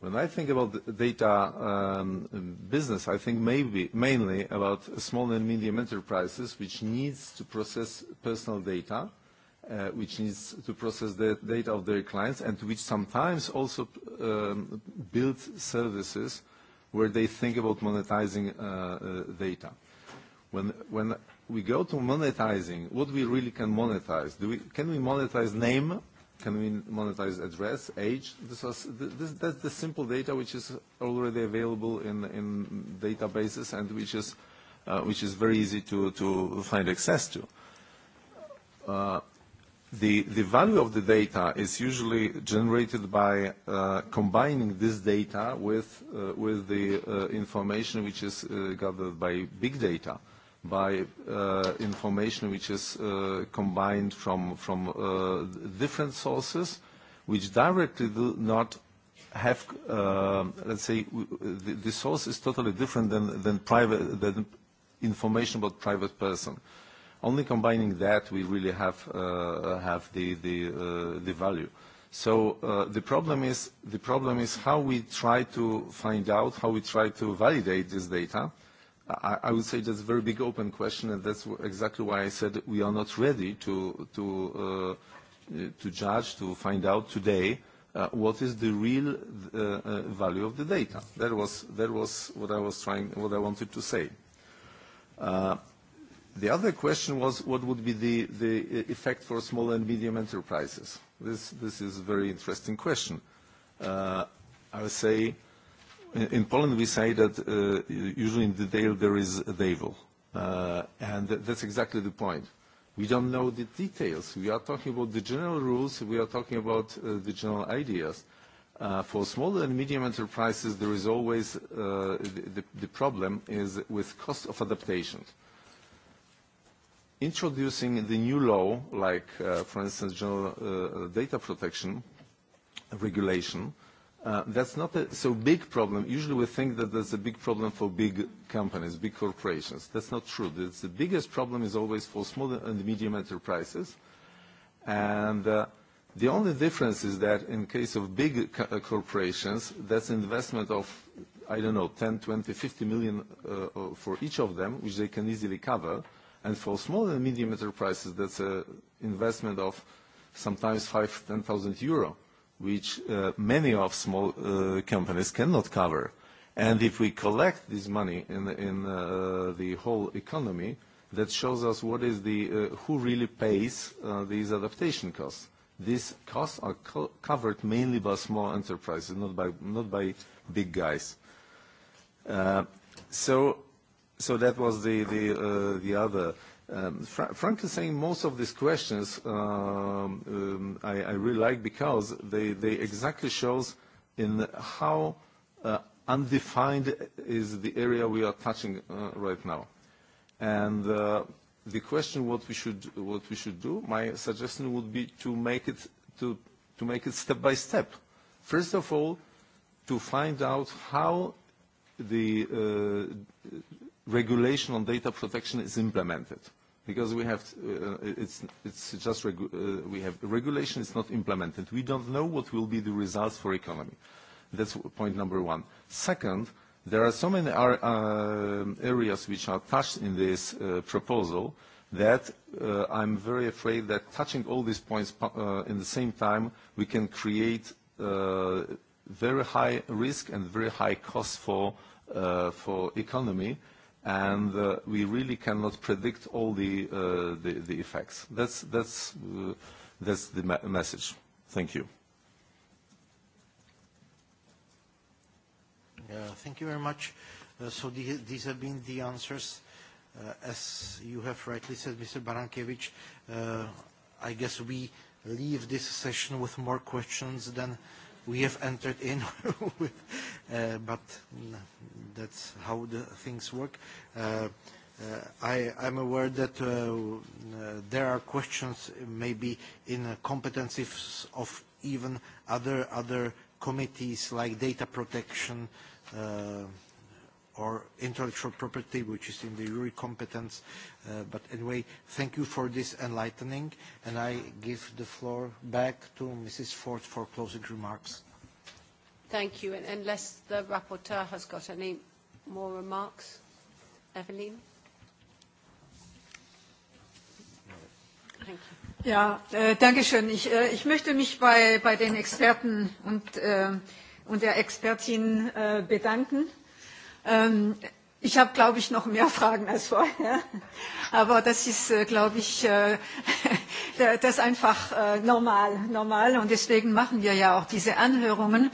When I think about the data um, business, I think maybe mainly about small and medium enterprises, which needs to process personal data, Uh, which needs to process the data of their clients and which sometimes also um, build services where they think about monetizing uh, uh, data. When, we go to monetizing, what we really can monetize? can we monetize name? Can we monetize address, age? This that's the simple data which is already available in, in databases and which is, which is very easy to, to find access to. The, the value of the data is usually generated by uh, combining this data with, uh, with the uh, information which is uh, gathered by big data, by uh, information which is uh, combined from, from different sources, which directly do not have, let's say, the, the source is totally different than, than, private, than information about private person. Only combining that, we really have, uh, uh, have the, the, uh, the value. So uh, the, problem is, the problem is how we try to find out, how we try to validate this data. I, I would say that's a very big open question, and that's exactly why I said we are not ready to, to, uh, to judge, to find out today Uh, what is the real uh, uh, value of the data. That was, that was what I was trying, what I wanted to say. Uh, The other question was what would be the, effect for small and medium enterprises? This, is a very interesting question. Uh, I would say in, Poland we say that uh, usually in detail there is a devil. Uh, and that's exactly the point. We don't know the details. We are talking about the general rules. We are talking about the general ideas. for small and medium enterprises, there is always the, problem is with cost of adaptation introducing the new law, like, uh, for instance, General uh, Data Protection Regulation, uh, that's not a so big problem. Usually we think that there's a big problem for big companies, big corporations. That's not true. the biggest problem is always for small and medium enterprises. And the only difference is that in case of big corporations, that's investment of, I don't know, 10, 20, 50 million for each of them, which they can easily cover. And for small and medium enterprises, that's an investment of sometimes 5,000, 10,000 euro, which uh, many of small uh, companies cannot cover. And if we collect this money in, uh, the whole economy, that shows us what is the, who really pays these adaptation costs. These costs are covered mainly by small enterprises, not by, not by big guys. So so that was the the uh, the other. Um, saying most of these questions um, um, I, I really like because they they exactly shows in how uh, undefined is the area we are touching uh, right now, and. Uh, the question what we should what we should do my suggestion would be to make it to to make it step by step first of all to find out how the uh, regulation on data protection is implemented. Because we have, uh, it's, it's just, uh, we have regulation is not implemented. We don't know what will be the results for economy. That's point number one. Second, there are so many are, uh, areas which are touched in this uh, proposal that uh, I'm very afraid that touching all these points uh, in the same time, we can create uh, very high risk and very high cost for, uh, for economy and uh, we really cannot predict all the, uh, effects. That's, uh, the message. Thank you. Thank you very much. So these have been the answers. As you have rightly said, Mr. Barankiewicz, I guess we leave this session with more questions than we have entered in with, uh, but that's how the things work. Uh, Uh, I, I'm aware that uh, uh, there are questions maybe in competencies of even other, other committees like data protection, uh, or intellectual property, which is in the jury competence. Uh, but anyway, thank you for this enlightening, and I give the floor back to Mrs. Ford for closing remarks. Thank you. And unless the rapporteur has got any more remarks, Evelyn? Thank you. Ja, äh, danke schön. Ich, äh, ich möchte mich bei, bei den Experten und, äh, und der Expertin äh, bedanken Ähm, ich habe, glaube ich, noch mehr Fragen als vorher. Aber das ist, äh, glaube ich, äh, das ist einfach äh, normal, normal. Und deswegen machen wir ja auch diese Anhörungen.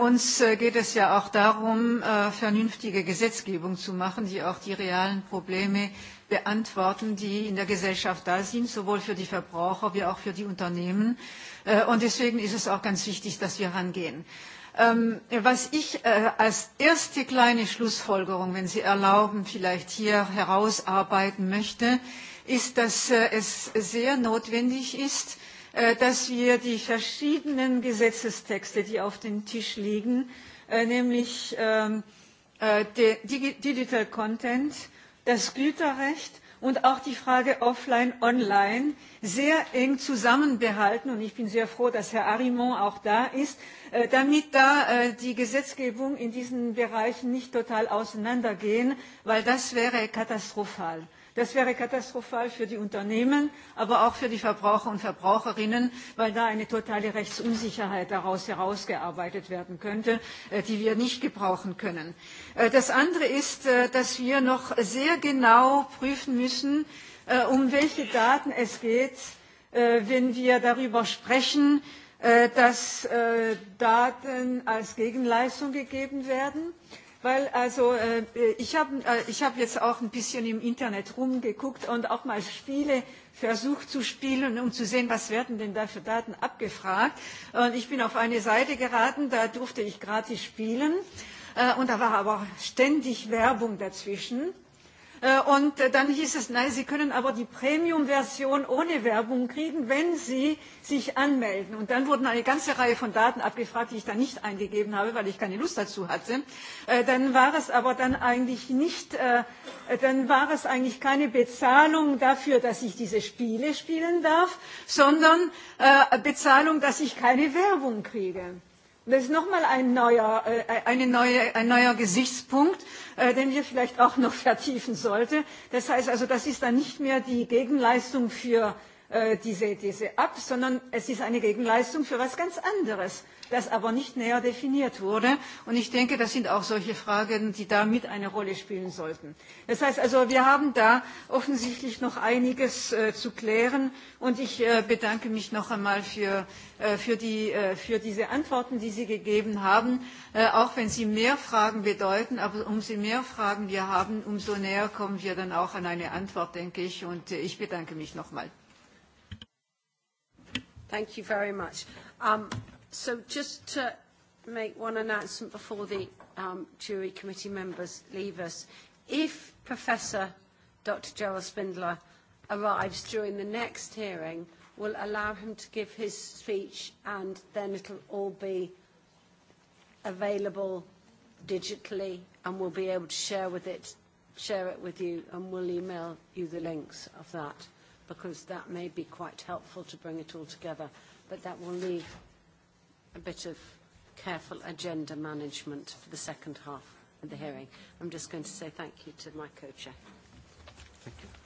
uns geht es ja auch darum, vernünftige Gesetzgebung zu machen, die auch die realen Probleme beantworten, die in der Gesellschaft da sind, sowohl für die Verbraucher wie auch für die Unternehmen. Und deswegen ist es auch ganz wichtig, dass wir rangehen. Ähm, was ich äh, als erste kleine Schlussfolgerung, wenn Sie erlauben, vielleicht hier herausarbeiten möchte, ist, dass äh, es sehr notwendig ist, äh, dass wir die verschiedenen Gesetzestexte, die auf dem Tisch liegen, äh, nämlich ähm, äh, Digital Content, das Güterrecht und auch die Frage offline, online sehr eng zusammenbehalten. Und ich bin sehr froh, dass Herr Arimont auch da ist, äh, damit da äh, die Gesetzgebung in diesen Bereichen nicht total auseinandergehen, weil das wäre katastrophal Das wäre katastrophal für die Unternehmen, aber auch für die Verbraucher und Verbraucherinnen, weil da eine totale Rechtsunsicherheit daraus herausgearbeitet werden könnte, äh, die wir nicht gebrauchen können. Äh, das andere ist, äh, dass wir noch sehr genau prüfen müssen, um welche Daten es geht, wenn wir darüber sprechen, dass Daten als Gegenleistung gegeben werden. Weil also äh, ich habe äh, hab jetzt auch ein bisschen im Internet rumgeguckt und auch mal Spiele versucht zu spielen, um zu sehen, was werden denn da für Daten abgefragt. Und ich bin auf eine Seite geraten, da durfte ich gratis spielen. Äh, und da war aber ständig Werbung dazwischen Äh, und dann hieß es, nein, Sie können aber die Premium-Version ohne Werbung kriegen, wenn Sie sich anmelden. Und dann wurden eine ganze Reihe von Daten abgefragt, die ich dann nicht eingegeben habe, weil ich keine Lust dazu hatte. Äh, dann war es aber dann eigentlich nicht, äh, dann war es eigentlich keine Bezahlung dafür, dass ich diese Spiele spielen darf, sondern Bezahlung, dass ich keine Werbung kriege Das ist nochmal ein neuer, äh, eine neue, ein neuer Gesichtspunkt, äh, den wir vielleicht auch noch vertiefen sollten. Das heißt also, das ist dann nicht mehr die Gegenleistung für Äh, diese, diese sondern es ist eine Gegenleistung für etwas ganz anderes, das aber nicht näher definiert wurde. Und ich denke, das sind auch solche Fragen, die da mit eine Rolle spielen sollten. Das heißt also, wir haben da offensichtlich noch einiges äh, zu klären. Und ich äh, bedanke mich noch einmal für, die, für diese Antworten, die Sie gegeben haben, auch wenn sie mehr Fragen bedeuten. Aber umso mehr Fragen wir haben, umso näher kommen wir dann auch an eine Antwort, denke ich. Und ich bedanke mich noch einmal. Thank you very much. Um, so just to make one announcement before the um, jury committee members leave us. If Professor Dr. Gerald Spindler arrives during the next hearing, we'll allow him to give his speech and then it'll all be available digitally and we'll be able to share with it, share it with you and we'll email you the links of that because that may be quite helpful to bring it all together. But that will leave a bit of careful agenda management for the second half of the hearing. I'm just going to say thank you to my co-chair. Thank you.